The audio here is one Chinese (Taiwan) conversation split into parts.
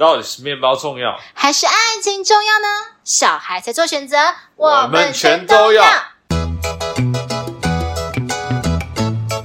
到底是麵包重要，還是愛情重要呢？小孩才做選擇，我們全都要。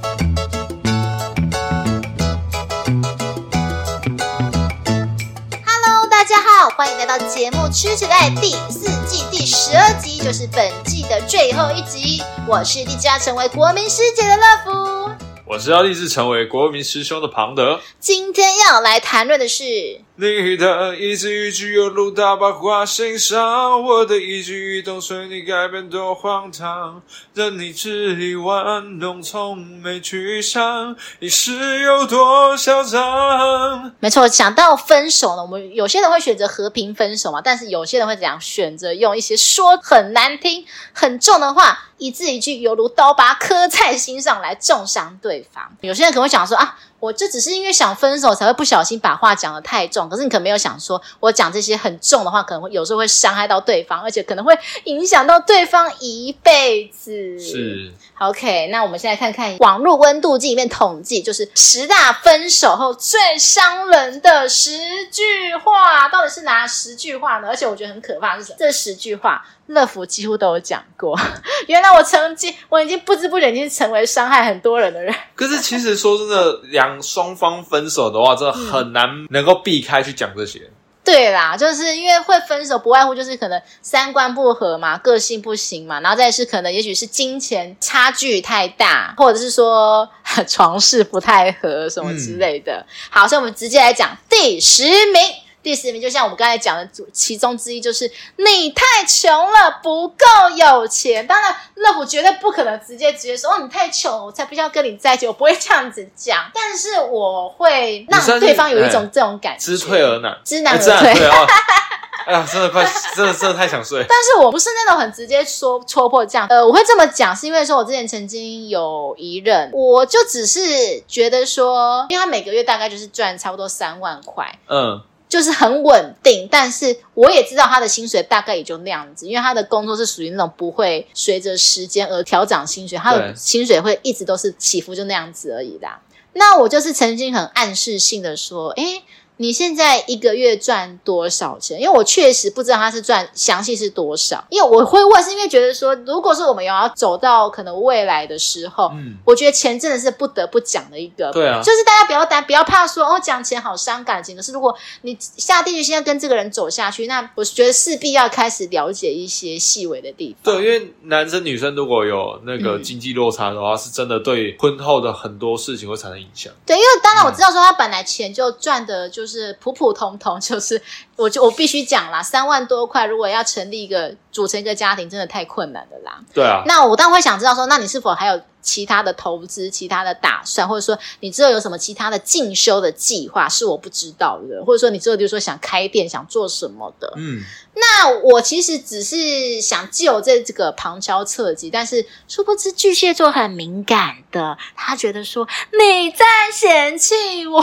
Hello，大家好，歡迎來到節目《吃起來》第四季第十二集，就是本季的最後一集。我是立志要成為國民師姐的樂福，我是要立志成為國民師兄的龐德。今天要來談論的是。你的一字一句猶如刀疤劃心上，我的一舉一動隨你改變多荒唐，任你任意玩弄，從沒去想，你是有多囂張？沒錯，講到分手呢，我們有些人會選擇和平分手嘛，但是有些人會怎樣選擇？用一些說很難聽、很重的話，一字一句猶如刀疤刻在心上，來重傷對方。有些人可能會想說啊。我這只是因為想分手才會不小心把話講得太重，可是你可沒有想說，我講這些很重的話，可能會有時候會傷害到對方，而且可能會影響到對方一輩子。是，OK，那我們現在看看網絡溫度計裡面統計，就是十大分手後最傷人的十句話，到底是哪十句話呢？而且我覺得很可怕是什麼？這十句話樂福幾乎都有講過。 原來我曾經，我已經不知不覺已經成為傷害很多人的人。可是其實說真的，兩。 雙方分手的話，真的很難能夠避開去講這些。嗯、對啦，就是因為會分手，不外乎就是可能三觀不合嘛，個性不行嘛，然後再是可能，也許是金錢差距太大，或者是說床事不太合什麼之類的。嗯、好，所以我們直接來講第十名。第十名，就像我們剛才講的，其中之一就是你太窮了，不夠有錢。當然，那我絕對不可能直接直接說哦，你太窮，我才不需要跟你在一起，我不會這樣子講。但是我會讓對方有一種這種感覺，知、欸、退而難，知難而退。欸哦、 哎呀，真的快，真的真的太想睡。 但是我不是那種很直接說戳破這樣。呃，我會這麼講，是因為說我之前曾經有一任，我就只是覺得說，因為他每個月大概就是賺差不多三萬塊，嗯。就是很穩定，但是我也知道他的薪水大概也就那樣子，因為他的工作是屬於那種不會隨着時間而調整薪水，對他的薪水會一直都是起伏就那樣子而已啦。那我就是曾經很暗示性的說，哎。你現在一個月賺多少錢？因為我確實不知道他是賺，詳細是多少。因為我會問，是因為覺得說，如果是我們有要走到可能未來的時候，嗯，我覺得錢真的是不得不講的一個，對啊，就是大家不要擔，不要怕說，哦，講錢好傷感情的是，如果你下定決心要跟這個人走下去，那我覺得勢必要開始了解一些細微的地方。對，因為男生女生如果有那個經濟落差的話，嗯、是真的對婚後的很多事情會產生影響。對，因為當然我知道說他本來錢就賺的就是。就是普普通通，就是。我就我必須講啦，三萬多塊如果要成立一個組成一個家庭，真的太困難的啦。對啊。那我當然會想知道說，那你是否還有其他的投資、其他的打算，或者說你之後有什麼其他的進修的計劃是我不知道的，或者說你之後就說想開店、想做什麼的。嗯。那我其實只是想借由這這個旁敲側擊，但是殊不知巨蟹座很敏感的，他覺得說你在嫌棄我，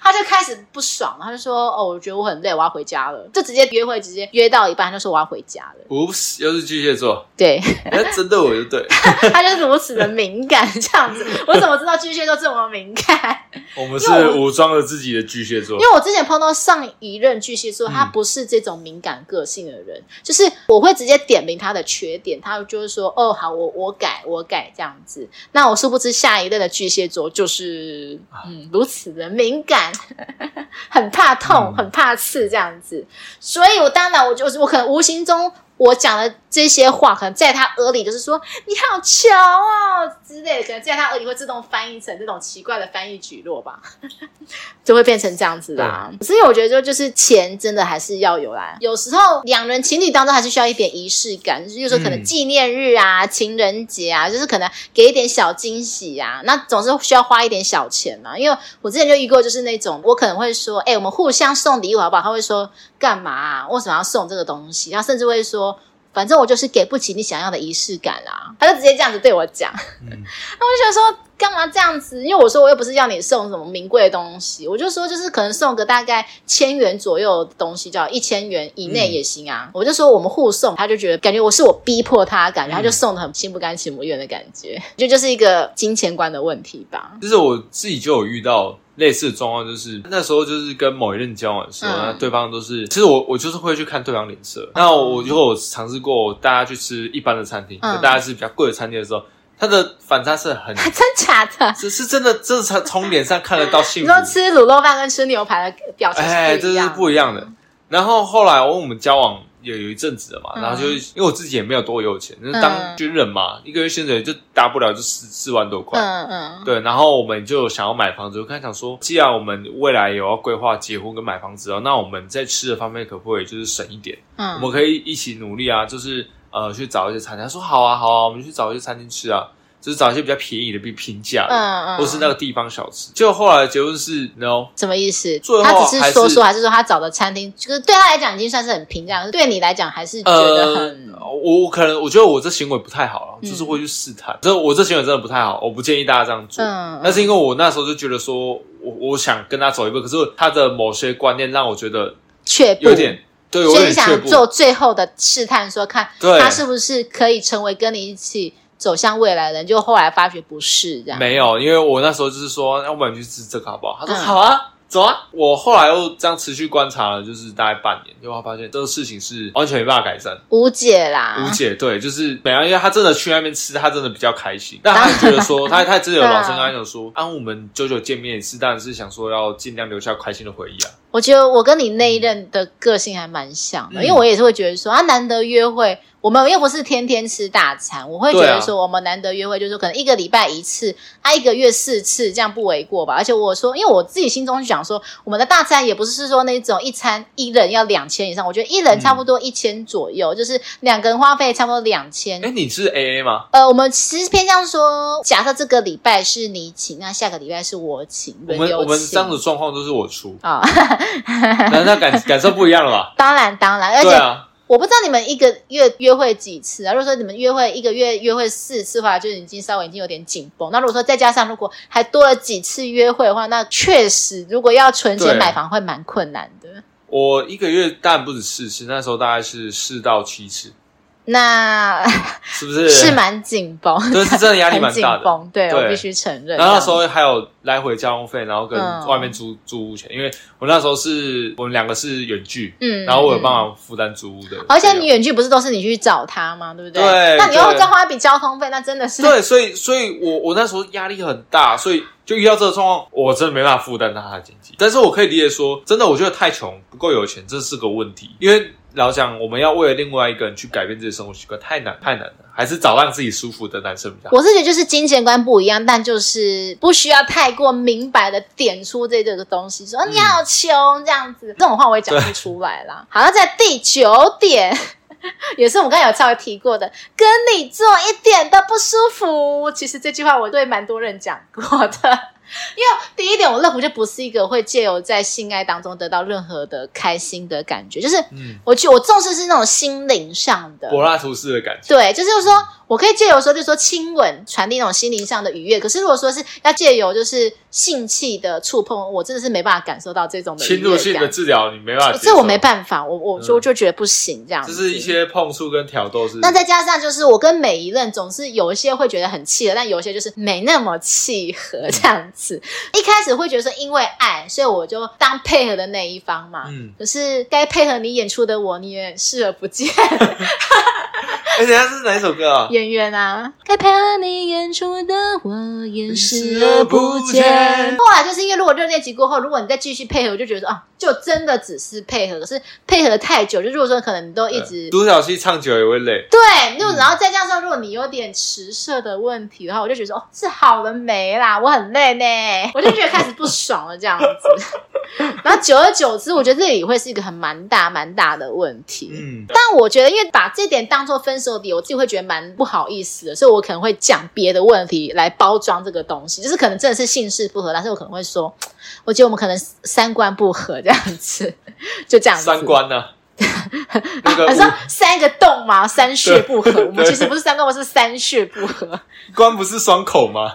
他 就開始不爽了，他就說：“哦，我覺得我很累。”我。我要回家了，就直接約會，直接約到一半就說我要回家了。不是，又是巨蟹座，對，針 對、欸、我就對， 他就是如此的敏感，這樣子，我怎麼知道巨蟹座這麼敏感？ 我們是武裝了自己的巨蟹座，因為我之前碰到上一任巨蟹座，嗯、他不是這種敏感個性的人，就是我會直接點名他的缺點，他就是說，哦，好，我我改，我改這樣子。那我殊不知下一任的巨蟹座就是、嗯、如此的敏感， 很怕痛，嗯、很怕刺。這樣子，所以我當然，我就是我，可能無形中我講了。這些話可能在他耳裡就是說“你好巧啊、哦”之類，可能在他耳裡會自動翻譯成這種奇怪的翻譯舉落吧，呵呵就會變成這樣子啦、啊。對所以我覺得就就是錢真的還是要有來，有時候兩人情侶當中還是需要一點儀式感，就是有時候可能紀念日啊、嗯、情人節啊，就是可能給一點小驚喜啊，那總是需要花一點小錢嘛。因為我之前就遇過，就是那種我可能會說：“哎、欸，我們互相送禮物好不好？”他會說：“幹嘛、啊？為什麼要送這個東西？”然後甚至會說。反正我就是給不起你想要的儀式感啦、啊，他就直接這樣子對我講。嗯、 那我就覺得說幹嘛這樣子？因為我說我又不是要你送什麼名貴的東西，我就說就是可能送個大概千元左右的東西，叫一千元以內也行啊。嗯、我就說我們互送，他就覺得感覺我是我逼迫他，感覺、嗯、他就送得很心不甘情不願的感覺，就就是一個金錢觀的問題吧。就是我自己就有遇到。類似的狀況，就是那時候就是跟某一任交往的時候，嗯、那對方都是其實我我就是會去看對方臉色。嗯、那我如果我嘗試過大家去吃一般的餐廳，嗯、大家吃比較貴的餐廳的時候，他的反差是很真假的，只是，是真的，就是從臉上看得到幸福。你說吃滷肉飯跟吃牛排的表情是不一樣的哎，哎，這是不一樣的。嗯、然後後來我，我們交往有有一陣子了嘛，嗯、然後就因為我自己也沒有多有錢，是當軍人嘛，嗯、一個月薪水就大不了就四四萬多塊，嗯嗯，嗯對，然後我們就想要買房子，我開始想說，既然我們未來有要規劃結婚跟買房子，啊、那我們在吃的方面可不可以就是省一點？嗯、我們可以一起努力啊，就是呃去找一些餐廳，他說好啊好啊，我們去找一些餐廳吃啊。就是找一些比較便宜的，比平價，嗯嗯，或是那個地方小吃。就後來結論是 no，什麼意思？他只是說說，還是說他找的餐廳，就是對他來講已經算是很平價，但是對你來講還是覺得很、嗯。我可能我覺得我這行為不太好了，嗯、就是會去試探。這我這行為真的不太好，我不建議大家這樣做。嗯，那、嗯、是因為我那時候就覺得說，我我想跟他走一步，可是他的某些觀念讓我覺得卻有點，卻步有點，對，所以你想做最後的試探，說看他是不是可以成為跟你一起。走向未來的人，就後來發覺不是這樣。沒有，因為我那時候就是說，要不然你去吃這個好不好？他說、嗯、好啊，走啊。我後來又這樣持續觀察了，就是大概半年，結果發現這個事情是完全沒辦法改善，無解啦。無解，對，就是沒有。本來因為他真的去那邊吃，他真的比較開心。但他也覺得說， 他他真的有老生常談，有說 啊，我們久久見面也是，但是想說要盡量留下開心的回憶啊。我覺得我跟你那一任的個性還蠻像的，嗯、因為我也是會覺得說啊，難得約會，我們又不是天天吃大餐，我會覺得說我們難得約會就是說可能一個禮拜一次，啊一個月四次，這樣不為過吧？而且我說，因為我自己心中就想說，我們的大餐也不是說那種一餐一人要兩千以上，我覺得一人差不多一千左右，嗯、就是兩個人花費差不多兩千。哎，你是 A A 嗎？呃，我們其實偏向說，假設這個禮拜是你請，那下個禮拜是我請。我們我們這樣的狀況都是我出啊。哦。 那那感 感受不一樣了嗎？當然當然，而且我不知道你們一個月約會幾次啊？如果說你們約會一個月約會四次的話，就已經稍微已經有點緊繃。那如果說再加上如果還多了幾次約會的話，那確實如果要存錢買房會蠻困難的。對啊。我一個月當然不止四次，那時候大概是四到七次。那是不是是蠻緊繃？對，是真的壓力蠻大的。緊繃。對，對我必須承認。然後那時候還有來回交通費，然後跟外面租，嗯、租屋錢，因為我那時候是我們兩個是遠距，嗯，然後我有辦法負擔租屋的。嗯、對，而且你遠距不是都是你去找他嗎？對不對？對。那你要再花一筆交通費，那真的是。對，所以，所以我，我我那時候壓力很大，所以就遇到這個狀況，我真的沒辦法負擔到他的經濟。但是我可以理解說，真的，我覺得太窮不夠有錢，這是個問題，因為。老想我們要為了另外一個人去改變自己的生活習慣，太難太難了，還是找讓自己舒服的男生比較好。我是覺得就是金錢觀不一樣，但就是不需要太過明白的點出這這個東西，說你好窮這樣子，嗯、這種話我也講不出來啦。對好，像在第九點，也是我們剛才有稍微提過的，跟你做一點都不舒服。其實這句話我對蠻多人講過的。因為第一點，我樂福就不是一個會借由在性愛當中得到任何的開心的感覺，就是，嗯，我就我重視是那種心靈上的柏拉圖式的感覺，嗯。對，就是，就是說我可以借由說，就是說親吻傳遞那種心靈上的愉悅。可是如果說是要借由就是性器的觸碰，我真的是沒辦法感受到這種的這侵入性的治療，你沒辦法，這是我沒辦法，我我我就、嗯、就覺得不行這樣子。就是一些碰觸跟挑逗是。那再加上就是我跟每一任總是有一些會覺得很契合，但有一些就是沒那麼契合這樣子。嗯一開始會覺得說因為愛，所以我就當配合的那一方嘛。嗯，可是該配合你演出的我，你也視而不見。 而且那是哪一首歌啊？演員啊，該配合你演出的我演視而不見。後來就是因為如果熱戀期過後，如果你再繼續配合，我就覺得啊、哦，就真的只是配合。可是配合太久，就如果說可能你都一直獨角戲唱久也會累。對，就、嗯，然後再加上如果你有點遲色的問題，的話，我就覺得說哦，是好了沒啦，我很累呢， 我就覺得開始不爽了這樣子。 然後久而久之，我覺得這裡會是一個很蠻大蠻大的問題。嗯，但我覺得因為把這點當做分析。我自己會覺得蠻不好意思的，所以我可能會講別的問題來包裝這個東西，就是可能真的是姓氏不合，但是我可能會說，我覺得我們可能三觀不合這樣子，就這樣三觀呢、啊？ 啊、你說三個洞嗎？三穴不合。對我們其實不是三觀，我是三穴不合。觀不是雙口嗎？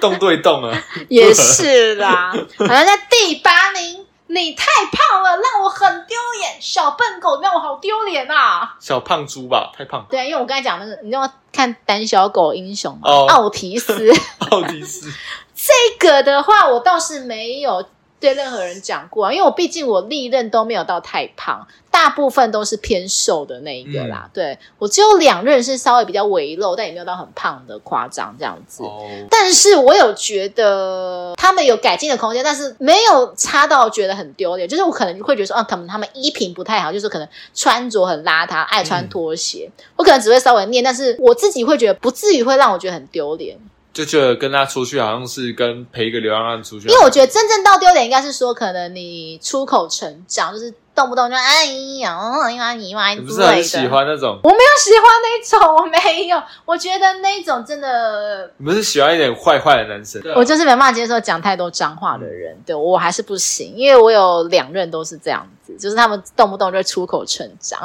洞對洞啊。 也是啦。好、 啊，在第八名，你太胖了，讓我很丟臉，小笨狗讓我好丟臉啊。小胖豬吧，太胖。對，因為我剛才講的是，你知道看《膽小狗英雄》嘛？Oh. 奧迪斯，奧迪斯，這個的話，我倒是沒有，對任何人講過啊，因為我畢竟我歷任都沒有到太胖，大部分都是偏瘦的那一個啦。嗯、對，我只有兩任是稍微比較微肉，但也沒有到很胖的誇張這樣子。哦、但是我有覺得他們有改進的空間，但是沒有差到覺得很丟臉。就是我可能會覺得說，啊，可能他們衣品不太好，就是可能穿着很邋遢，愛穿拖鞋。嗯、我可能只會稍微念，但是我自己會覺得不至於會讓我覺得很丟臉。就覺得跟他出去好像是跟陪一個流浪漢出去，因為我覺得真正到丟臉應該是說，可能你出口成髒，就是動不動就哎呀，你媽你媽，不是很喜歡那種。我沒有喜歡那種，我沒有。我覺得那種真的，你是喜歡一點壞壞的男生，我就是沒辦法接受講太多髒話的人。對，我還是不行，因為我有兩任都是這樣子，就是他們動不動就出口成髒。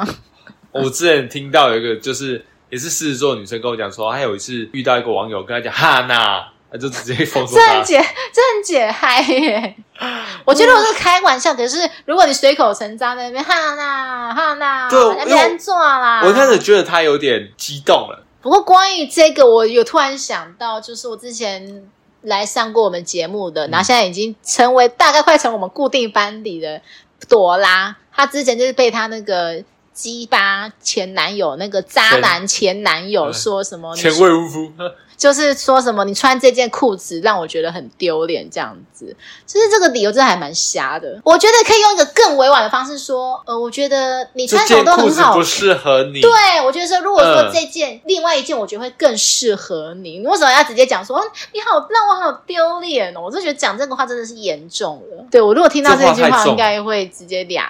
我之前聽到有一個就是。也是獅子座的女生跟我講說，她有一次遇到一個網友跟她講哈娜，她就直接封鎖。正解，正解嗨耶！ 我覺得我是開玩笑，可是如果你隨口成章在那邊哈娜哈娜，哈娜對，被別人啦。我開始覺得她有點激動了。不過關於這個，我有突然想到，就是我之前來上過我們節目的，嗯、然後現在已經成為大概快成我們固定班底的朵拉，她之前就是被她那個。雞巴前男友那個渣男前男友說什麼前？前未婚夫就是說什麼？你穿這件褲子讓我覺得很丟臉，這樣子，其、就、實、是、這個理由真的還蠻瞎的。我覺得可以用一個更委婉的方式說，呃，我覺得你穿什麼都很好，褲子不適合你。對，我覺得說如果說這件，嗯、另外一件我覺得會更適合你。你為什麼要直接講說、啊，你好讓我好丟臉哦？我就覺得講這個話真的是嚴重了。對，我如果聽到這句話，話應該會直接倆。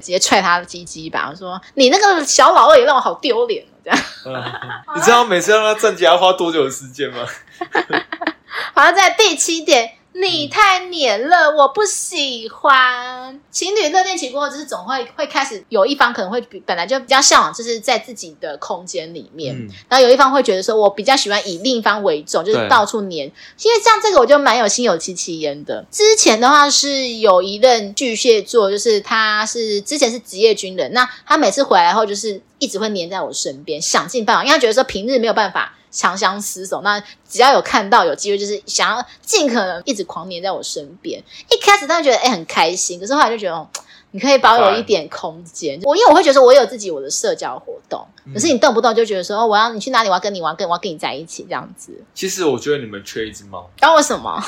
直接踹他的雞雞吧！我說你那個小老二也讓我好丟臉、啊、這樣。 你知道每次讓他站起來花多久的時間嗎？ 好，像在第七點。你太黏了，嗯、我不喜歡。情侶熱戀期過後，就是總會會開始有一方可能會比本來就比較嚮往，就是在自己的空間裡面。嗯、然後有一方會覺得說，我比較喜歡以另一方為重，就是到處黏。對因為像這個，我就蠻有心有戚戚焉的。之前的話是有一任巨蟹座，就是他是之前是職業軍人，那他每次回來後就是一直會黏在我身邊，想盡辦法，因為他覺得說平日沒有辦法。長相廝守，那只要有看到有機會，就是想要盡可能一直狂黏在我身邊。一開始當然覺得哎、欸、很開心，可是後來就覺得，哦、你可以保有一點空間。我 Okay. 因為我會覺得說我有自己我的社交活動，嗯、可是你動不動就覺得說、哦、我要你去哪裡，我要跟你玩，我跟我跟你在一起這樣子。其實我覺得你們缺一只貓。後、啊、我什麼？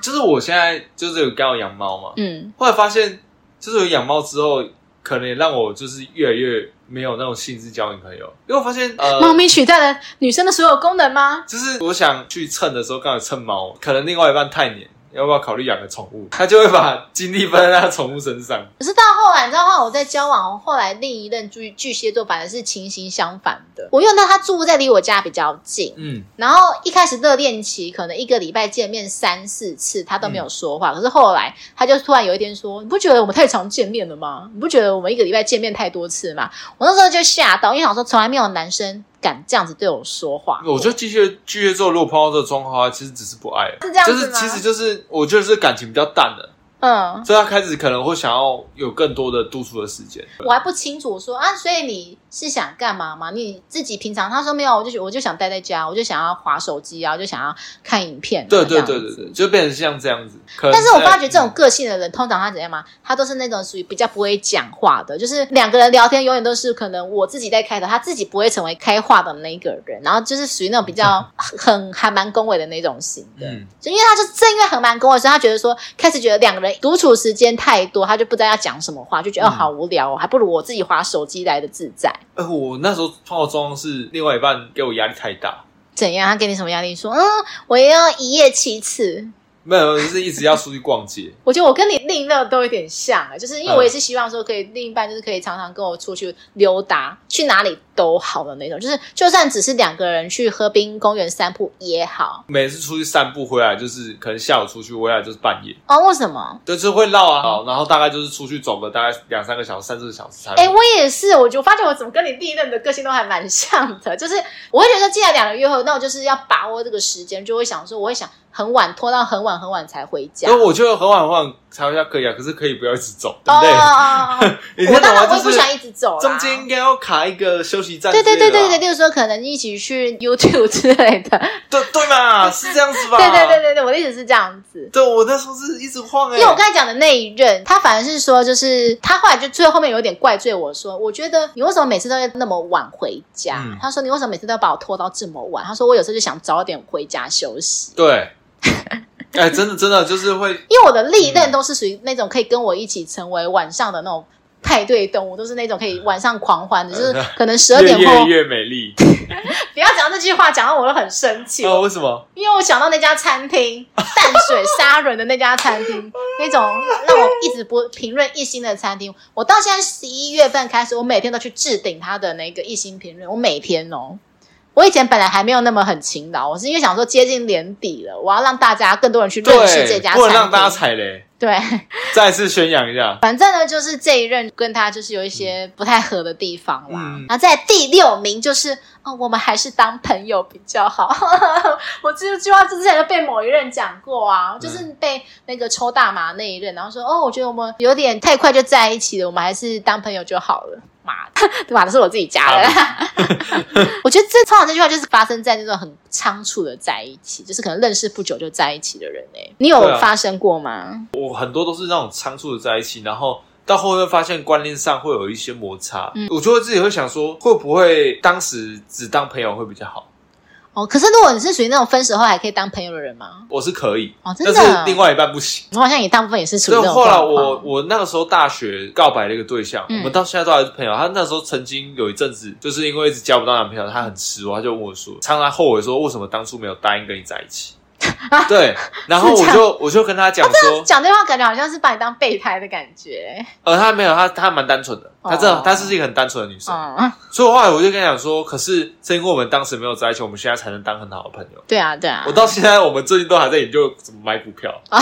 就是我現在就是有剛有養貓嘛，嗯，後來發現就是有養貓之後。可能也讓我就是越來越沒有那種興致交女朋友，因為我發現呃、貓咪取代了女生的所有功能嗎？就是我想去蹭的時候，剛好蹭貓，可能另外一半太黏。要不要考慮養個寵物？他就會把精力放在他寵物身上。可是到後來，你知道嗎？我在交往後來另一任巨巨蟹座，反而是情形相反的。我因為他他住在離我家比較近，嗯，然後一開始熱戀期可能一個禮拜見面三四次，他都沒有說話。嗯、可是後來他就突然有一天說：“你不覺得我們太常見面了嗎？你不覺得我們一個禮拜見面太多次嗎？”我那時候就嚇到，因為想說從來沒有男生。敢這樣子對我說話，我覺得巨蟹巨蟹座如果碰到這個狀況的話，其實只是不愛了，是這樣子嗎？就是其實就是我覺得是感情比較淡的。嗯，所以他開始可能會想要有更多的獨處的時間。我還不清楚說，說啊，所以你是想幹嘛嗎？你自己平常，他說沒有，我就我就想待在家，我就想要滑手機啊，我就想要看影片，啊。對對對對對，就變成像這樣子。可但是我發覺這種個性的人，嗯、通常他怎樣嘛？他都是那種屬於比較不會講話的，就是兩個人聊天永遠都是可能我自己在開頭，他自己不會成為開話的那一個人，然後就是屬於那種比較很、嗯、很還蠻恭維的那種型的。嗯、就因為他就正因為很蠻恭維，所以他覺得說開始覺得兩個人。獨處時間太多，他就不知道要講什麼話，就覺得、嗯哦、好無聊、哦，還不如我自己滑手機來的自在。哎、呃，我那時候化妝是另外一半給我壓力太大。怎樣？他給你什麼壓力？說，嗯，我要一夜七次。沒有，就是一直要出去逛街。 我覺得我跟你另一任都有點像啊，就是因為我也是希望說可以，另一半就是可以常常跟我出去溜達，去哪裡都好的那種。就是就算只是兩個人去河濱公園散步也好。每次出去散步回來，就是可能下午出去，回來就是半夜。哦，為什麼？對，就是會繞啊，好，然後大概就是出去走了大概兩三個小時、三四個小時才。哎、欸，我也是，我就發現我怎麼跟你歷任的個性都還蠻像的，就是我會覺得，既然兩個月後，那我就是要把握這個時間，就會想說，我會想很晚拖到很晚。很晚才回家，那我覺得很晚很晚才回家可以啊，可是可以不要一直走，oh, 對不對？Uh, 看我當然會就不想一直走，啊、中間應該要卡一個休息站。對，對對對對對，就是說可能一起去 YouTube 之類的。對對嘛，是這樣子吧？ 對對對對對，我的意思是這樣子。對，我在說是一直晃。哎、欸。因為我剛才講的那一任，他反而是說，就是他後來就最後面有點怪罪我說，我覺得你為什麼每次都要那麼晚回家？嗯、他說你為什麼每次都要把我拖到這麼晚？他說我有時候就想早點回家休息。對。 哎，真的，真的就是會，因為我的歷任、嗯、都是屬於那種可以跟我一起成為晚上的那種派對動物，都是那種可以晚上狂歡的，呃、就是可能十二點後越夜越美麗。不 要講到這句話，講到我會很生氣、呃。為什麼？因為我想到那家餐廳淡水沙崙的那家餐廳， 那種讓我一直不評論一星的餐廳，我到現在十一月份開始，我每天都去置頂他的那一個一星評論，我每天哦。我以前本來還沒有那麼很勤勞，我是因為想說接近年底了，我要讓大家更多人去認識對這家店，不能讓大家踩雷，對，再次宣揚一下。反正呢，就是這一任跟他就是有一些不太合的地方啦。嗯，然後在第六名就是哦，我們還是當朋友比較好。 我這句話之前就被某一任講過啊，就是被那個抽大麻那一任，然後說哦，我覺得我們有點太快就在一起了，我們還是當朋友就好了。馬的，馬的是我自己加的，啊。 我覺得這、通常這句話就是發生在那種很倉促的在一起，就是可能認識不久就在一起的人誒、欸。你有發生過嗎？啊，我很多都是那種倉促的在一起，然後到後面發現觀念上會有一些摩擦。嗯，我就會自己會想說，會不會當時只當朋友會比較好？哦、可是，如果你是屬於那種分手後還可以當朋友的人嗎？我是可以哦，但是另外一半不行。我好像也大部分也是屬於那種狂狂，就後來我我那個時候大學告白了一個對象，嗯、我們到現在都還是朋友。他那時候曾經有一陣子，就是因為一直交不到男朋友，他很失望，他就問我說，常常後悔說，為什麼當初沒有答應跟你在一起。對，然後我就我就跟他講說，講這話感覺好像是把你當備胎的感覺。呃，他沒有，他他蠻單純的，他這她是一個很單純的女生，所以後來我就跟他講說，可是是因為我們當時沒有在一起，我們現在才能當很好的朋友。對啊，對啊，我到現在我們最近都還在研究怎麼買股票啊，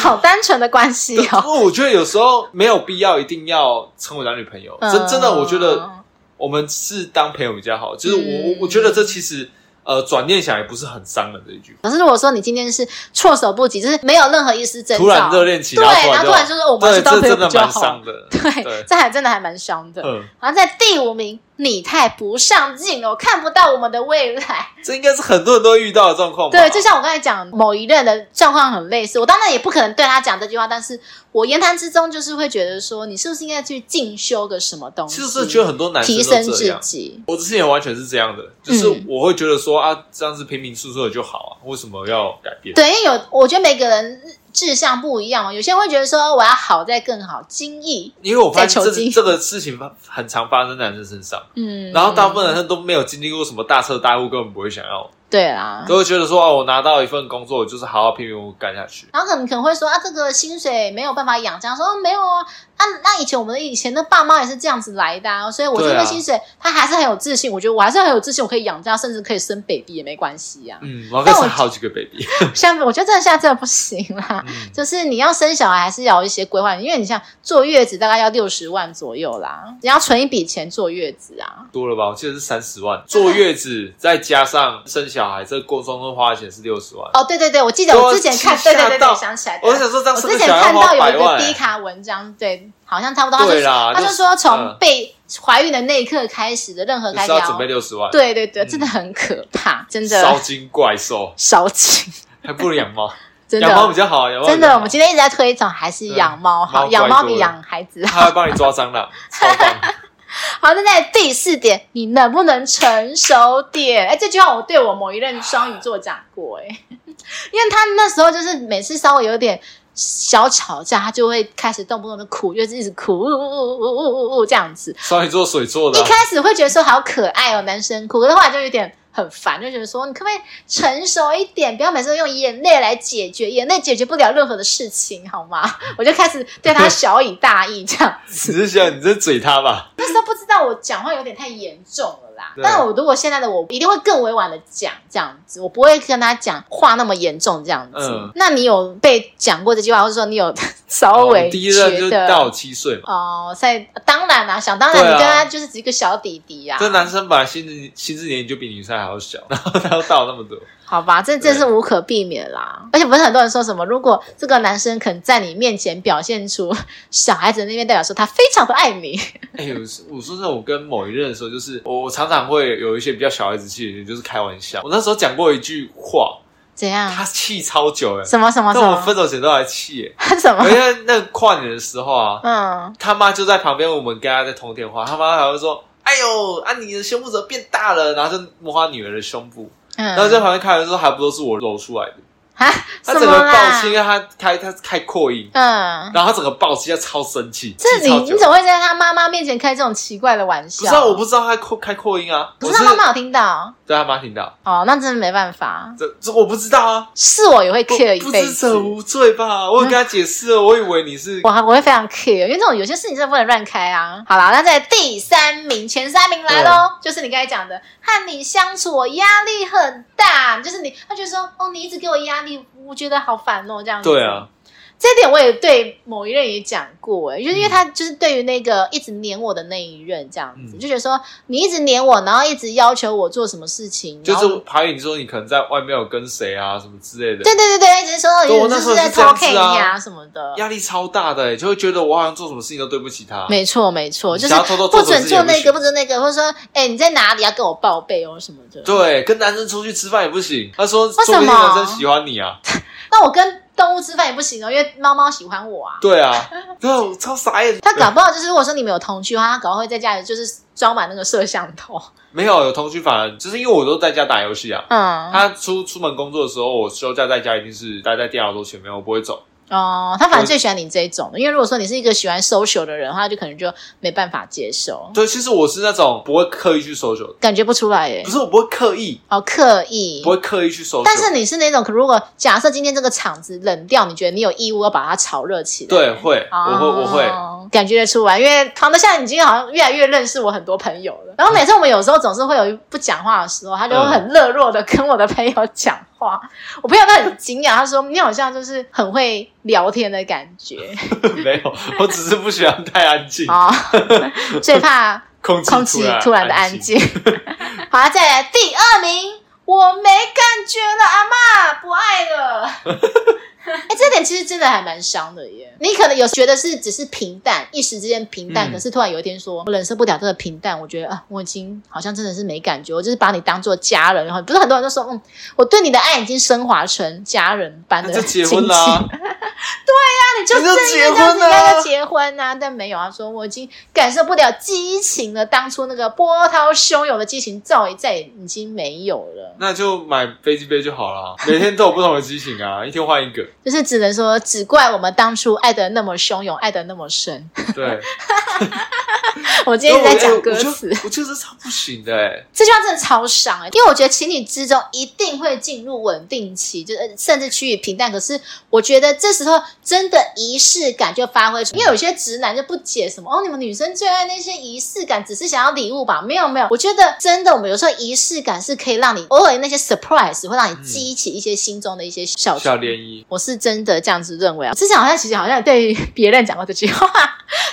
好單純的關係哦。不過我覺得有時候沒有必要一定要成為男女朋友，真真的，我覺得我們是當朋友比較好。就是我我我覺得這其實。呃，轉念想也不是很傷人的一句。可是如果說你今天是措手不及，就是沒有任何一絲徵兆，突然熱戀起來，對，然後，然，然後突然就是我不知道，對，朋這真的蠻傷的。對，對，這還真的還蠻傷的。對嗯，好像在第五名。你太不上進了，我看不到我們的未來。這應該是很多人都遇到的狀況。對，就像我剛才講，某一任的狀況很類似。我當然也不可能對他講這句話，但是我言談之中就是會覺得說，你是不是應該去進修個什麼東西？其實、嗯、是覺得很多男生都提升自己。我之前也完全是這樣的，就是我會覺得說、嗯、啊，這樣子平平素素的就好啊，為什麼要改變？對，因為有我覺得每個人。志向不一樣嘛，有些人會覺得說我要好再更好，精益求精。因為我發現這這個事情很常發生在男生身上，嗯，然後大部分男生都沒有經歷過什麼大徹大悟，根本不會想要。對啦、啊，都會覺得說啊，我拿到一份工作，我就是好好拼命幹下去。然後可能可能會說啊，這個薪水沒有辦法養家。說，說沒有啊，啊，那以前我們以前的爸媽也是這樣子來的啊。所以，我這個薪水，他、啊、還是很有自信。我覺得我還是很有自信，我可以養家，甚至可以生 baby 也沒關係啊。嗯，我可以生好幾個 baby。像 我覺得真的現在真的不行啦、啊，嗯、就是你要生小孩還是要有一些規劃，因為你像坐月子大概要六十萬左右啦，你要存一筆錢坐月子啊。多了吧？我記得是三十萬。坐月子再加上生小。 小孩這過中中花的錢是六十萬哦，對對對，我記得我之前看，對對對，我想起來，我想說這樣，我之前看到有一個低卡文章，對，好像差不多，對啦，他就說從被懷孕的那一刻開始的任何開銷要準備六十萬，對對對，真的很可怕，真的燒金怪獸，燒金還不如養貓，養貓比較好，養貓真的，我們今天一直在推崇還是養貓好，養貓比養孩子，他會幫你抓蟑螂，哈哈。好，那在第四點，你能不能成熟點？哎、欸，這句話我對我某一任雙魚座講過、欸，哎，因為他那時候就是每次稍微有點小吵架，他就會開始動不動的哭，就是一直哭嗚嗚嗚嗚嗚嗚嗚這樣子。雙魚座水做的、啊，一開始會覺得說好可愛哦，男生哭的話就有點。很煩，就覺、是、得說，你可不可以成熟一點，不要每次都用眼淚來解決，眼淚解決不了任何的事情，好嗎？我就開始對他曉以大義 這樣子，只是想你這嘴他吧，那時候不知道我講話有點太嚴重了。對但我如果現在的我一定會更委婉的講這樣子，我不會跟他講話那麼嚴重這樣子。嗯、那你有被講過這句話，或者說你有稍微、哦、第一任就大我七歲嘛？哦，在當然啦、啊，想當然，你跟他就是一個小弟弟呀、啊。這、啊、男生本來心智心智年齡就比女生還要小，然後他又大我那麼多，好吧，這對這是無可避免啦。而且不是很多人說什麼，如果這個男生肯在你面前表現出小孩子那邊，代表說他非常的愛你。哎、欸，我說，我說我跟某一任的時候，就是我常。常，常會有一些比較小孩子氣，就是開玩笑。我那時候講過一句話，怎樣？他氣超久哎、欸，什麼，什麼什麼？在我們分手前都還氣、欸，他什麼？因在那個跨年的時候啊，嗯，他媽就在旁邊，我們跟他在通電話，他媽還會說：“哎呦，啊，你的胸部怎麼變大了？”然後就摸他女兒的胸部，嗯，然後在旁邊看的時候還不都是我揉出來的。啊！蛤他整個暴氣，因為他開他開擴音，嗯，然後他整個暴氣，他超生氣。這你裡你怎麼會在他媽媽面前開這種奇怪的玩笑？不知道，我不知道他擴開擴音啊，不是他媽媽有聽到。被他媽聽到哦，那真的沒辦法。這這我不知道啊，是我也會 care 不一輩子，不知者無罪吧。我有跟他解釋了，嗯、我以為你是我，我會非常 care，因為這種有些事情真的不能亂開啊。好了，那在第三名，前三名來嘍，啊、就是你剛才講的，和你相處我壓力很大，就是你，他就說哦，你一直給我壓力，我覺得好煩哦，這樣子對啊。這一點我也對某一任也講過、欸，誒，就是因為他就是對於那個一直黏我的那一任這樣子，嗯、就覺得說你一直黏我，然後一直要求我做什麼事情，就是懷疑，你說你可能在外面有跟誰啊什麼之類的。對對對對，一直說到我就是在 talking 啊，啊什麼的，壓力超大的、欸，就會覺得我好像做什麼事情都對不起他。沒錯沒錯，就是不准做那個，不准那個，或者說，哎，你在哪裡要跟我報備哦什麼的。對，跟男生出去吃飯也不行，他說為什麼男生喜歡你啊？什 那我跟。動物吃飯也不行哦，因為貓貓喜歡我啊。對啊，對啊， 我超傻眼。他搞不好就是，呃、如果說你們有同居的話，他搞不好會在家裡就是裝滿那個攝像頭。沒有，有同居反而就是因為我都在家打遊戲啊。嗯。他出出門工作的時候，我休假在家一定是待在電腦桌前面，我不會走。哦，他反正最喜歡你這一種，我因為如果說你是一個喜歡 social 的人，他就可能就沒辦法接受。對，其實我是那種不會刻意去 social 的。感覺不出來耶。不是，我不會刻意。哦，刻意。不會刻意去 social。但是你是那種，如果假設今天這個場子冷掉，你覺得你有義務要把它炒熱起來。對，會，我會，哦、我會。感覺得出來，因為龐德現在已經好像越來越認識我很多朋友了。然後每次我們有時候總是會有不講話的時候，嗯、他就會很熱絡的跟我的朋友講話。嗯、我朋友都很驚訝，呵呵他說，你好像就是很會聊天的感覺。呵呵沒有，我只是不喜歡太安靜。啊、 哦，最怕空氣突然的安靜。好，再來第二名，我沒感覺了，阿媽不愛了。呵呵哎、欸，這點其實真的還蠻傷的耶。你可能有覺得是只是平淡，一時之間平淡。嗯、可是突然有一天說，我忍受不了這個平淡，我覺得啊，我已經好像真的是沒感覺。我就是把你當做家人，然後不是很多人都說，嗯，我對你的愛已經升華成家人般的親情。這結婚啦。對呀、啊，你就這樣子應就應該結婚啊！應該結婚啊！但沒有啊，說我已經感受不了激情了。當初那個波濤洶湧的激情，噪一再也已經沒有了。那就買飛機杯就好了、啊，每天都有不同的激情啊， 一天換一個。就是只能說，只怪我們當初愛的那麼洶湧，愛的那麼深。對， 我今天在講歌詞，我就是超不行的、欸。這句話真的超傷、欸，因為我覺得情侶之中一定會進入穩定期，就是甚至趨於平淡。可是我覺得這時候。真的儀式感就發揮出來，因為有些直男就不解什麼哦，你們女生最愛那些儀式感，只是想要禮物吧？沒有沒有，我覺得真的，我們有時候儀式感是可以讓你偶爾那些 surprise，會讓你激起一些心中的一些小、嗯、小漣漪。我是真的這樣子認為啊。之前好像其實好像也對別人講過這句話，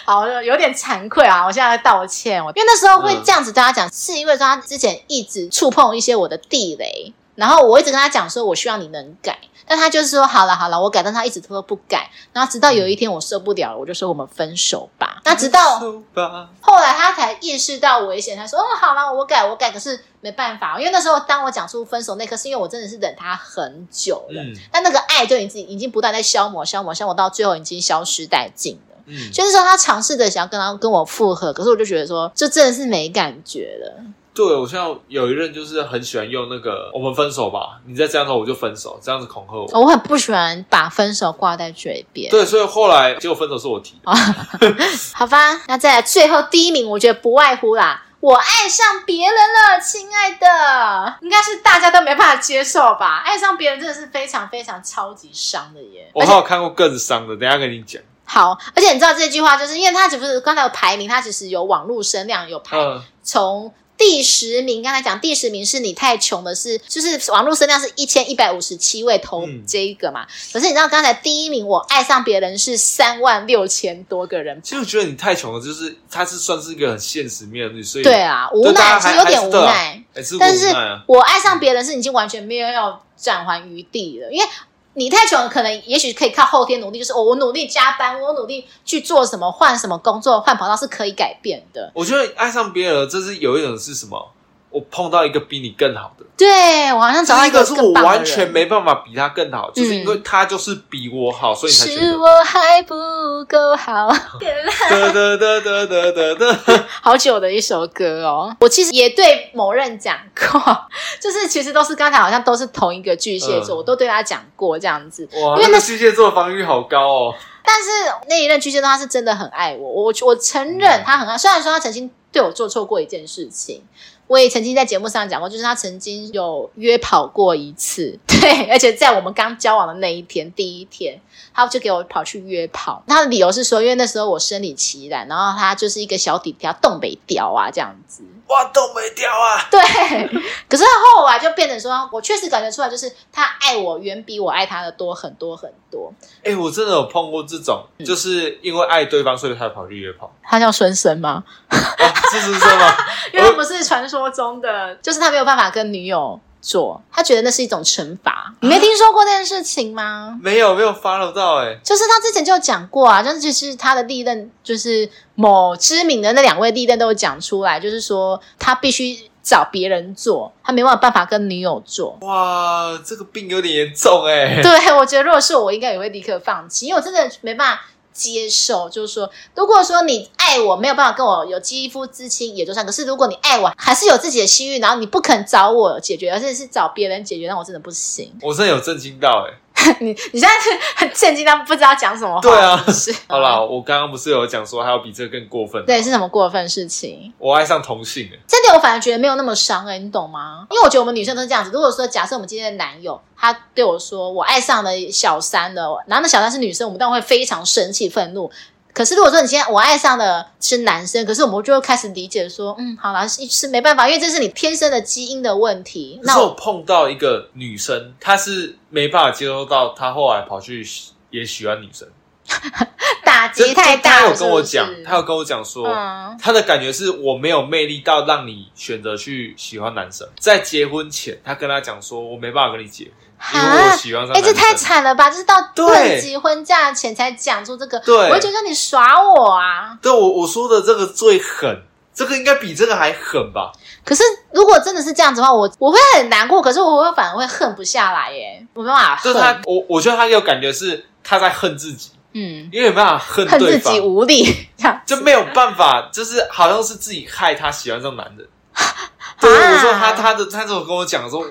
好，有點慚愧啊，我現在要道歉。因為那時候會這樣子跟他講，嗯、是因為說他之前一直觸碰一些我的地雷，然後我一直跟他講說，我希望你能改。但他就是說好了好了，我改，但他一直都不改。然後直到有一天我受不了了，我就說，我們分手吧。那直到後來他才意識到危險，他說哦好了，我改我改。可是沒辦法，因為那時候當我講出分手那一刻，是因為我真的是等他很久了。嗯，但那個愛就已經，已經不斷在消磨、消磨、消磨，到最後已經消失殆盡了。嗯，就是說他嘗試着想要跟他跟我複合，可是我就覺得說，這真的是沒感覺了。對，我現在有一任就是很喜歡用那個“我們分手吧，你再這樣的話我就分手”這樣子恐嚇我、哦。我很不喜歡把分手掛在嘴邊。對，所以後來結果分手是我提的。 好吧，那再來最後第一名，我覺得不外乎啦，我愛上別人了，親愛的，應該是大家都沒辦法接受吧？愛上別人真的是非常非常超級傷的耶。我好有且看過更傷的，等一下跟你講。好，而且你知道這句話，就是因為他只是剛才有排名，他只是有網路聲量有排、嗯、從。第十名，剛才講第十名是你太窮的是，是就是網絡聲量是一千一百五十七位投這一個嘛。嗯、可是你知道剛才第一名我愛上別人是三萬六千多個人。其實我覺得你太窮了，就是他是算是一個很現實面對。所以對啊，無奈，其實有點無奈。但是我愛上別人是已經完全沒有要轉圜餘地了，因為。你太窮了，可能也許可以靠後天努力，就是、哦、我努力加班，我努力去做什麼，換什麼工作，換跑道是可以改變的。我覺得愛上別人，這是有一種是什麼？我碰到一個比你更好的。對，我好像找到一個是我完全沒辦法比他更好，嗯、就是因為他就是比我好，所以才覺得是我還不夠好。得得得得得得得，好久的一首歌哦。我其實也對某人講過，就是其實都是剛才好像都是同一個巨蟹座，嗯、我都對他講過這樣子。哇，因為那，那個巨蟹座防禦好高哦。但是那一任巨蟹座他是真的很愛我，我我承認他很愛，嗯、雖然說他曾經對我做錯過一件事情。我也曾經在節目上講過，就是他曾經有約跑過一次，對，而且在我們剛交往的那一天，第一天，他就給我跑去約跑，他的理由是說，因為那時候我生理期然，然後他就是一個小底迪，凍未條啊，這樣子，哇，凍未條啊，對，可是他後。 變得說，我確實感覺出來，就是他愛我遠比我愛他的多很多很多。哎、欸，我真的有碰過這種，嗯、就是因為愛對方，所以他跑去約炮。他叫孫生嗎？哦、是是是嗎？ 因為他不是傳說中的，我就是他沒有辦法跟女友做，他覺得那是一種懲罰。你沒聽說過那件事情嗎、啊？沒有，沒有 follow 到哎、欸。就是他之前就有講過啊，就是其實他的歷任就是某知名的那兩位歷任都有講出來，就是說他必須。找別人做，他沒有辦法跟女友做。哇，這個病有點嚴重誒。欸，對，我覺得如果是我，我應該也會立刻放棄，因為我真的沒辦法接受。就是說，如果說你愛我，沒有辦法跟我有肌膚之親也就算。可是如果你愛我，還是有自己的性慾，然後你不肯找我解決，而且是，是找別人解決，那我真的不行。我真的有震驚到誒。欸。你 你現在是很震驚，但不知道講什麼話是不是？對啊，是。好啦，我剛剛不是有講說還有比這個更過分？對，是什麼過分事情？我愛上同性哎。這點我反而覺得沒有那麼傷哎，你懂嗎？因為我覺得我們女生都是這樣子。如果說假設我們今天的男友他對我說，我愛上了小三了，男的小三是女生，我們當然會非常生氣憤怒。可是如果說你現在我愛上的是男生，可是我們就會開始理解說，嗯，好啦，是，是沒辦法，因為這是你天生的基因的問題。那我，那時候我碰到一個女生，她是沒辦法接受到，她後來跑去也喜歡女生。 打擊太大了是不是？他有跟我講，他有跟我講說，嗯、他的感覺是我沒有魅力到讓你選擇去喜歡男生。在結婚前，他跟他講說，我沒辦法跟你結，因為我喜歡上男生。哎、啊欸，這太慘了吧！這、就是到對結婚嫁前才講出這個，對。我會覺得你耍我啊！對我我說的這個最狠，這個應該比這個還狠吧？可是如果真的是這樣子的話，我我會很難過。可是我會反而會恨不下來耶，我沒有辦法恨。就是他，我我覺得他有感覺是他在恨自己。嗯，因為有沒辦法、啊、恨對方，恨自己無力這樣，就沒有辦法，就是好像是自己害他喜歡這種男的。 對，我說他，他的他這種跟我講的時候。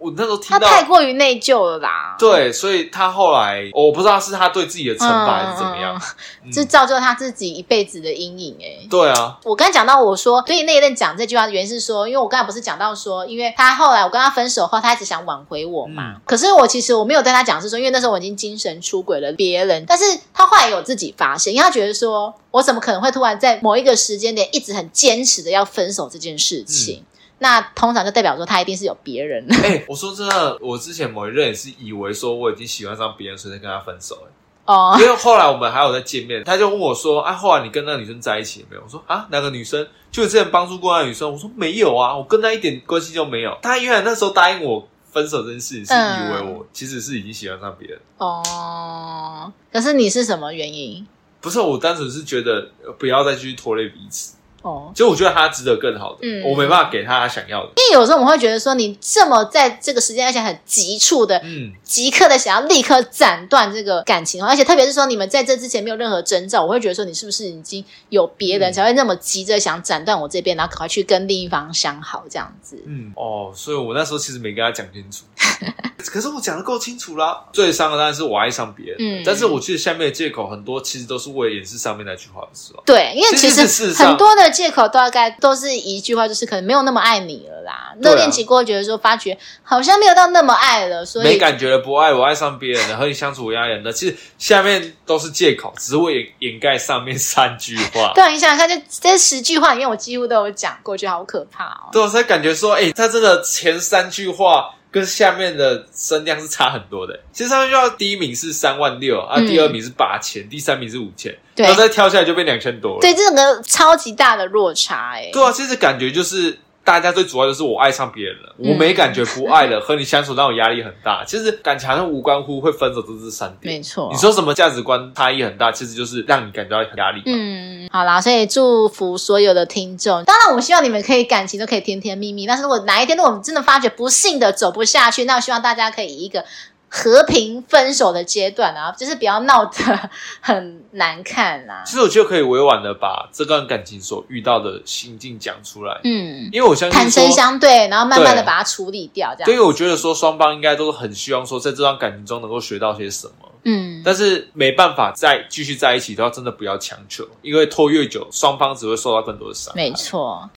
我那時候聽到他太過於內疚了啦。對，所以他後來，我不知道是他對自己的懲罰、嗯、還是怎麼樣，嗯、是造就他自己一輩子的陰影、欸。哎，對啊。我剛才講到我說，所以那一任講這句話，原因是說，因為我剛才不是講到說，因為他後來我跟他分手後，他一直想挽回我嘛。嗯啊、可是我其實我沒有跟他講，是說，因為那時候我已經精神出軌了別人。但是他後來有自己發現，因為他覺得說我怎麼可能會突然在某一個時間點一直很堅持的要分手這件事情。嗯那通常就代表說他一定是有別人。哎、欸，我說真的,我之前某一任也是以為說我已經喜歡上別人，所以才跟他分手、欸。哎，哦，因為後來我們還有在見面，他就問我說：“啊，後來你跟那個女生在一起了沒有？”我說：“啊，那個女生就是之前幫助過那個女生。”我說：“沒有啊，我跟他一點關係都沒有。”他原來那時候答應我分手這件事，是以為我其實是已經喜歡上別人。哦，oh. 可是你是什麼原因？不是，我單純是覺得不要再繼續拖累彼此。哦，就、oh, 我覺得他值得更好的，嗯。我沒辦法給他,他想要的。因為有時候我會覺得說，你這麼在這個時間而且很急促的、嗯，即刻的想要立刻斬斷這個感情，而且特別是說你們在這之前沒有任何徵兆，我會覺得說你是不是已經有別人才會那麼急着想斬斷我這邊，嗯、然後趕快去跟另一方相好這樣子。嗯，哦，所以我那時候其實沒跟他講清楚， 可是我講的夠清楚啦。 最傷的當然是我愛上別人，嗯，但是我覺得下面的借口很多，其實都是為了掩飾上面那句話的時候。對，因為其實事實上很多的。借口大概都是一句話，就是可能沒有那麼愛你了啦。熱戀期過後，覺得說發覺好像沒有到那麼愛了，所以沒感覺不愛我，愛上別人了，和你相處壓人了。其實下面都是借口，只是為掩蓋上面三句話。 對、啊，你想看，就這十句話裡面，我幾乎都有講過去，就好可怕哦。對、啊，才感覺說，哎、欸，他這個前三句話。跟下面的聲量是差很多的，欸，其實上就要第一名是三萬六，啊，第二名是八千，第三名是五千對，然後再跳下來就變兩千多了，對，這整個超級大的落差，欸，哎，對啊，其實感覺就是。大家最主要就是我愛上別人了，我沒感覺不愛了，和你相處讓我壓力很大。其實感情好像無關乎會分手，這是三點。沒錯，你說什麼價值觀差異很大，其實就是讓你感覺到壓力。嗯，好啦，所以祝福所有的聽眾。當然，我希望你們可以感情都可以甜甜蜜蜜。但是如果哪一天，如果我們真的發覺不幸的走不下去，那我希望大家可以一個。和平分手的階段啊，然後就是不要鬧得很難看啦，啊。其實我覺得可以委婉的把這段感情所遇到的心境講出來，嗯，因為我相信坦誠相對，然後慢慢的把它處理掉，對這樣。所以我覺得說雙方應該都很希望說在這段感情中能夠學到些什麼，嗯，但是沒辦法再繼續在一起，都要真的不要強求，因為拖越久，雙方只會受到更多的傷害。沒錯。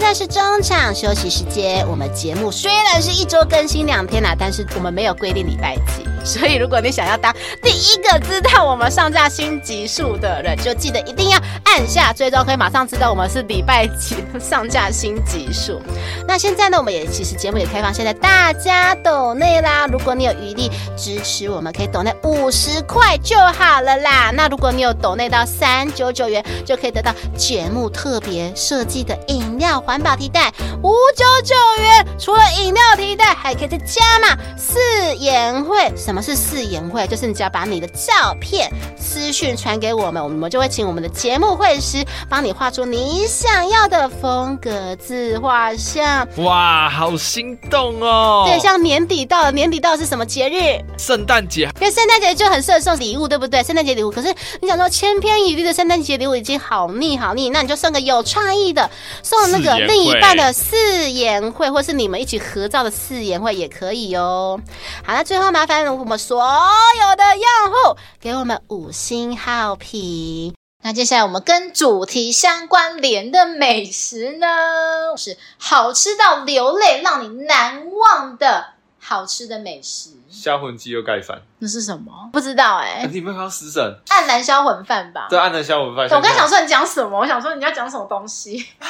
現在是中場休息時間。我們節目雖然是一周更新兩天啦，但是我們沒有規定禮拜幾。所以，如果你想要當第一個知道我們上架新集數的人，就記得一定要按下追蹤，可以馬上知道我們是禮拜幾上架新集數。那現在呢，我們也其實節目也開放，現在大家抖內啦。如果你有餘力支持我們，可以抖內五十塊就好了啦。那如果你有抖內到三九九元，就可以得到節目特別設計的飲料環保提袋五九九元。除了飲料提袋，還可以再加碼，四言會什麼？是似顏繪，就是你只要把你的照片私訊傳給我們，我們就會請我們的節目繪師幫你畫出你想要的風格自畫像。哇，好心動哦！對，像年底到了，年底到是什麼節日？聖誕節，因為聖誕節就很適合送禮物，對不對？聖誕節禮物，可是你想說千篇一律的聖誕節禮物已經好膩好膩，那你就送個有創意的，送那個另一半的似顏繪，或是你們一起合照的似顏繪也可以哦。好，那最後麻煩。我們所有的用戶給我們五星好評。那接下來我們跟主題相關聯的美食呢？是好吃到流淚、讓你難忘的好吃的美食——銷魂雞肉蓋飯。那是什麼？不知道哎、欸啊。你們要死神？黯然銷魂飯吧？對，黯然銷魂飯。我剛，剛想說你講什麼？ 我想說你要講什麼東西？ 啊、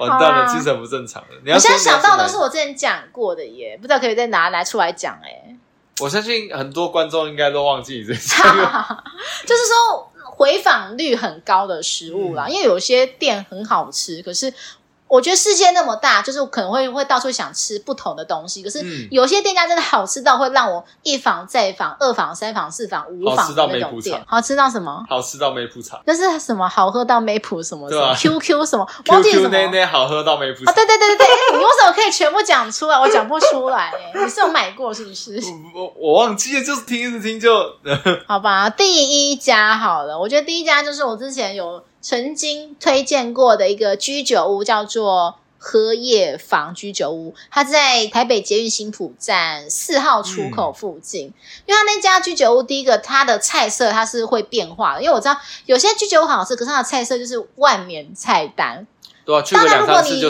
完蛋了，精神不正常了。你要說我現在想到都是我之前講過的耶，不知道可以再拿出來講哎、欸。我相信很多觀眾應該都忘記這些， 就是說回訪率很高的食物啦，啊，嗯，因為有些店很好吃，可是我覺得世界那麼大，就是我可能會會到處想吃不同的東西。可是有些店家真的好吃到會讓我一訪再訪，二訪三訪四訪五訪那種店。好吃，好吃到什麼？好吃到沒譜茶。就是什麼？好喝到沒譜什,什麼？對啊，QQ 什麼？QQ 奈奈好喝到沒譜啊！對對對對、欸、你為什麼可以全部講出來？我講不出來哎、欸，你是有買過是不是？我我忘記了，就是聽一次、就是、聽就。 好吧，第一家好了，我覺得第一家就是我之前有。曾經推薦過的一個居酒屋叫做禾野坊居酒屋，它在台北捷運新埔站四號出口附近。嗯、因為它那家居酒屋，第一個它的菜色它是會變化的，因為我知道有些居酒屋好吃，可是它的菜色就是萬年菜單。對、啊、吃當然如果你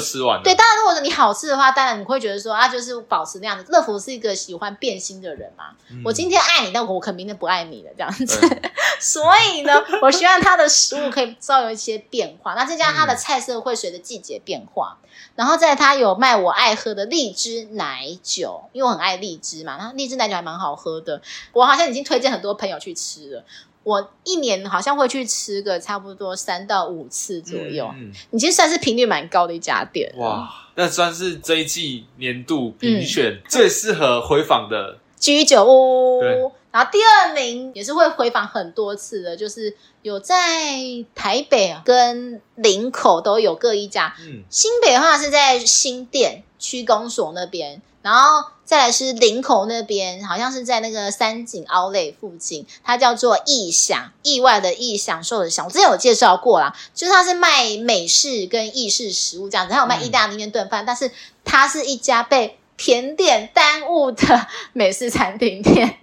對，當然如果你好吃的話，當然你會覺得說啊，就是保持那樣子。樂福是一個喜歡變心的人嘛，嗯、我今天愛你，但我可能明天不愛你了這樣子。對所以呢， 我希望他的食物可以稍有一些變化，那再加上他的菜色會隨着季節變化，嗯、然後在他有賣我愛喝的荔枝奶酒，因為我很愛荔枝嘛，那荔枝奶酒還蠻好喝的，我好像已經推薦很多朋友去吃了。我一年好像會去吃個差不多三到五次左右，嗯，已經算是頻率蠻高的一家店。哇，那算是這一季年度評選，嗯、最適合回訪的居酒屋。G 95, 對然後第二名也是會回訪很多次的，就是有在台北跟林口都有各一家。嗯，新北的話是在新店區公所那邊，然後。再來是林口那邊，好像是在那個三井凹 u 附近，它叫做意想意外的意享受的想。我之前有介紹過啦，就是它是賣美式跟意式食物這樣子，它有賣意大利麵燉飯，嗯、但是它是一家被甜點耽誤的美式餐廳店。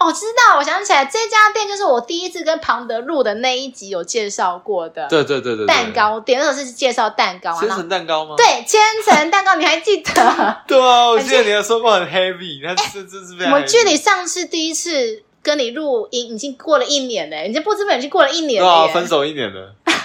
哦，知道，我想起來這家店就是我第一次跟龐德錄的那一集有介紹過的。對，對對對對，蛋糕我點的是介紹蛋糕，千層蛋糕嗎？對，千層蛋糕 你還記得？對啊，我記得你有說過很 heavy，那這這是不是？我距離你上次第一次跟你錄音已已經過了一年了。你這不知不知已經過了一年了，對啊、哦，分手一年了。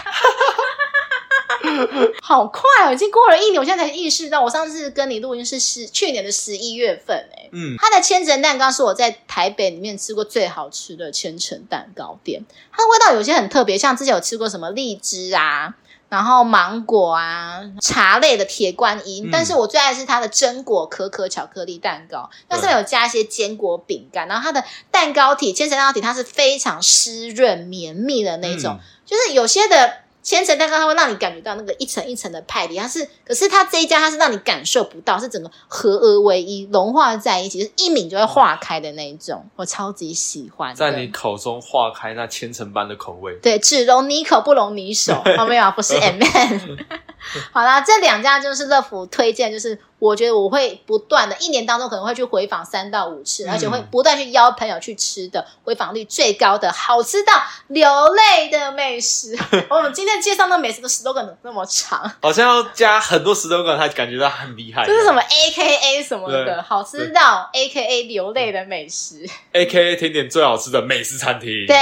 好快哦，已經過了一年，我現在才意識到，我上次跟你錄音是十去年的十一月份哎、欸。嗯，它的千層蛋糕是我在台北裡面吃過最好吃的千層蛋糕店，它的味道有些很特別，像之前有吃過什麼荔枝啊，然後芒果啊，茶類的鐵觀音，嗯、但是我最愛的是它的榛果可可巧克力蛋糕，那上面有加一些堅果餅乾，然後它的蛋糕體千層蛋糕體它是非常濕潤綿密的那種，嗯、就是有些的。千層蛋糕，它會讓你感覺到那個一層一層的派裡，它是可是它這一家，它是讓你感受不到，是整個合而為一，融化在一起，就是一抿就會化開的那一種，嗯、我超級喜歡、這個，在你口中化開那千層般的口味。對，只融你口，不融你手，好、 哦、沒有、啊？不是 MM、嗯、 好啦，這兩家就是樂福推薦，就是我覺得我會不斷的一年當中可能會去回訪三到五次，而且會不斷去邀朋友去吃的，嗯、回訪率最高的，好吃到流淚的美食。 我們今天介紹的美食都十多個，那麼長，好像要加很多十多個，他感覺到很厲害的。就是什麼 A K A 什麼的對好吃到 A K A 流淚的美食，A K A 甜點最好吃的美食餐廳。對，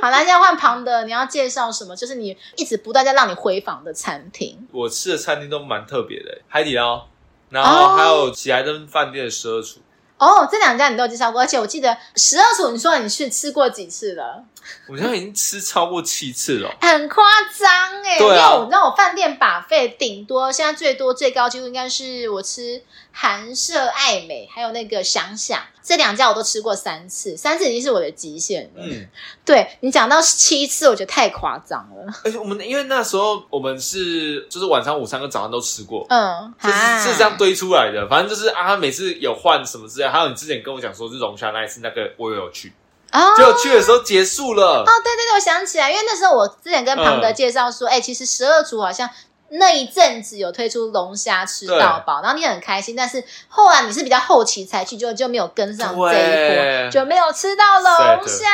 好，那現在換旁的， 你要介紹什麼？就是你一直不斷在讓你回訪的餐廳。我吃的餐廳都蠻特別的，海底撈，然後還有喜來登飯店的十二廚。哦，oh, 這兩家你都有介紹過，而且我記得十二廚，你說你是吃過幾次了？我現在已經吃超過七次了， 很誇張誒、欸。對、啊、因為我那種飯店 buffet 頂多，現在最多最高，就應該是我吃。寒舍、艾美，還有那個想想這兩家我都吃過三次，三次已經是我的極限了。嗯， 對你講到七次，我覺得太誇張了。而且我們因為那時候我們是就是晚上、午餐跟早上都吃過，嗯，就是哈是這樣堆出來的。反正就是啊，他每次有換什麼之類，還有你之前跟我講說，是龍蝦那一次那個我也有去，就、哦、去的時候結束了。哦，對對對，我想起來，因為那時候我之前跟龐德介紹說，哎、嗯欸，其實十二廚好像。那一陣子有推出龍蝦吃到飽，對然後你很開心，但是後來你是比較後期才去，就就沒有跟上這一波，對就沒有吃到龍蝦。對對對，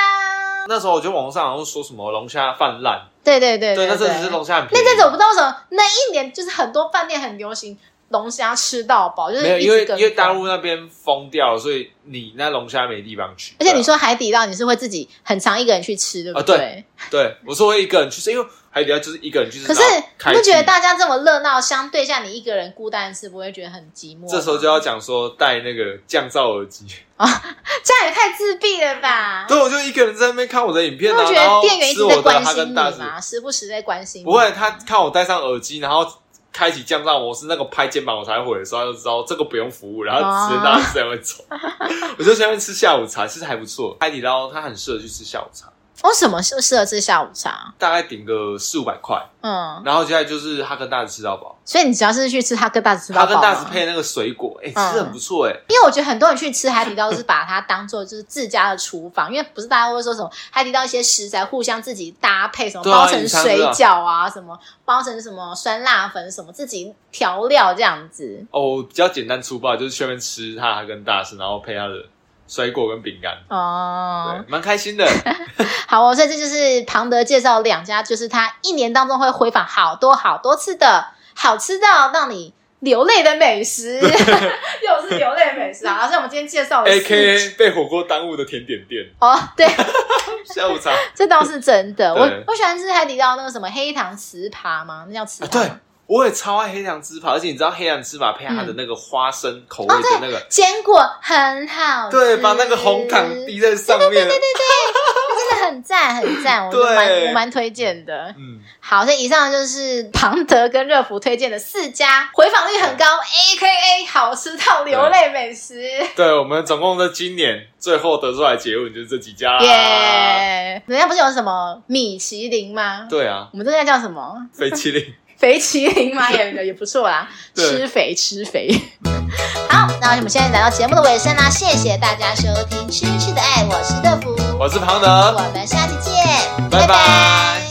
那時候我覺得網上好像說什麼龍蝦氾濫，對、對對對對，那陣子是龍蝦很便宜。那陣子我不知道為什麼，那一年就是很多飯店很流行。龍蝦吃到飽，就是沒有，因為因為大陸那邊封掉，所以你那龍蝦沒地方去。而且你說海底撈，啊、你是會自己很常一個人去吃，對不、啊、對？ 對，我說會一個人去吃，因為海底撈就是一個人去吃。可是你不覺得大家這麼熱鬧，相對下你一個人孤單，是不會覺得很寂寞？這時候就要講說戴那個降噪耳機啊、哦，這樣也太自閉了吧？對，我就一個人在那邊看我的影片我、啊、覺得店員一直在關心你嘛？我時不時在關心你。不會，他看我戴上耳機，然後。開啟降噪模式，那個拍肩膀我才會回，所以他就知道這個不用服務，然後直接拿錢就走、哦。 我就喜歡吃下午茶，其實還不錯。海底撈它很適合去吃下午茶。我、哦、什麼時候吃下午茶？大概頂個四五百塊，嗯，然後接下來就是哈根達斯吃到飽，所以你只要是去吃哈根達斯吃到飽，哈根達斯配那個水果，哎、欸，吃的、嗯、很不錯哎、欸。因為我覺得很多人去吃海底撈是把它當做就是自家的廚房， 因為不是大家會說什麼海底撈一些食材互相自己搭配，什麼包成水餃啊，啊什麼包成什麼酸辣粉、嗯、什麼自己調料這樣子。哦，比較簡單粗暴，就是下面吃哈根達斯，然後配他的。水果跟餅乾哦，蠻、oh. 開心的。 好、哦，所以這就是龐德介紹兩家，就是他一年當中會回訪好多好多次的，好吃到讓你流淚的美食， 又是流淚美食 啊！像我們今天介紹的 AKA 被火鍋耽誤的甜點店哦，oh, 對， 下午茶， 這倒是真的。我對我喜歡吃海底撈那個什麼黑糖糍粑嘛，那叫糍粑，啊我也超愛黑糖糍粑，而且你知道黑糖糍粑配它的那個花生口味的那個、嗯哦、堅果很好對，把那個紅糖滴在上面，對對，對對對對， 真的很讚很讚，我蠻，對我，蠻我蠻推薦的。嗯、好，所以以上就是龐德跟熱福推薦的四家回訪率很高，A K A 好吃到流淚美食。對，對我們總共在今年最後得出來結論就是這幾家，耶、yeah！人家不是有什麼米其林嗎？對啊，我們這叫叫什麼？菲其林。 肥麒麟嘛，也對也不錯啊。對吃肥吃肥，好，那我們現在來到節目的尾聲啦。謝謝大家收聽《吃吃的愛》，我是豆腐，我是龐德，我們下期見，拜拜。拜拜。